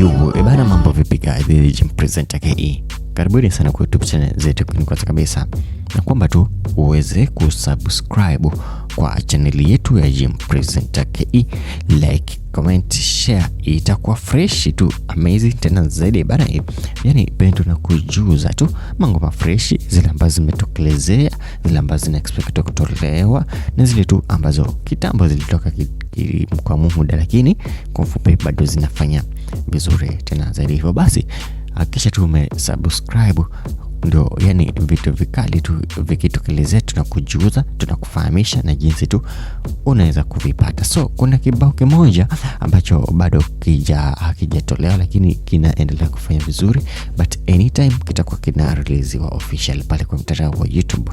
juu. E bana, mambo vipi guys? This is KE. Karibuni sana kwa YouTube channel zetu. Kwanza kabisa na kwamba tu uweze kusubscribe kwa chaneli yetu ya Gym Presenter KE, like, comment, share, itakuwa fresh tu amazing tena zaidi bana. Eh. Yani pendo na kujuza tu mambo fresh, zile ambazo zimetokelezea, zile ambazo zina expect kutolewa na zile tu ambazo kitambo zilitoka kitambo kwa muda, lakini kwa ufupi bado zinafanya vizuri tena zaidi. Hivyo basi hakikisha tu umesubscribe ndo yani vitu vikali tu vikitokelezea, tunakujuza tunakufahamisha na jinsi tu unaweza kuvipata. So kuna kibao kimoja ambacho bado hakijatolewa, lakini kinaendelea kufanya vizuri, but anytime kitakuwa kina wa official pale kwa mtandao wa YouTube.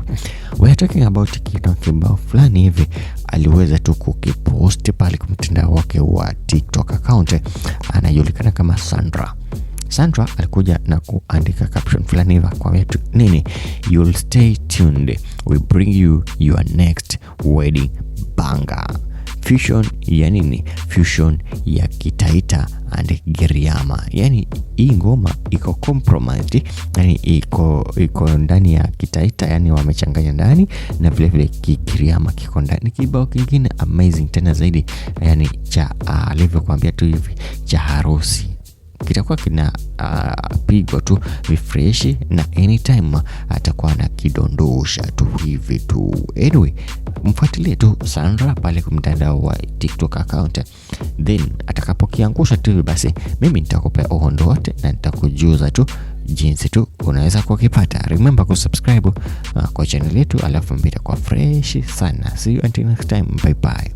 We are talking about kina kibao fulani hivi aliweza tu kukiposti pale kwa mtandao wake wa TikTok account, eh, anajulikana kama Sandra Sandra alikuja na kuandika caption fulani hivi, kwa tu nini, you'll stay tuned, we bring you your next wedding banga Fusion ya nini? Fusion ya Kitaita and Giriama. Yani hii ngoma iko compromised, yani iko iko ndani ya Kitaita, yani wamechanganya ndani na vilevile Kigiriama kiko ndani. Kibao kingine amazing tena zaidi, yani cha ah, alivyokuambia tu hivi cha harusi kitakuwa kinapigwa ah, uh, tu refresh na anytime atakuwa na kidondosha tu hivi tu. Anyway, mfuatilie tu Sandra pale kwa mtandao wa TikTok account, then atakapokiangusha tu basi mimi nitakupea oondote na nitakujuza tu jinsi tu unaweza kukipata. Remember kusubscribe uh, kwa channel yetu, alafu mbita kwa fresh sana. See you until next time, bye bye.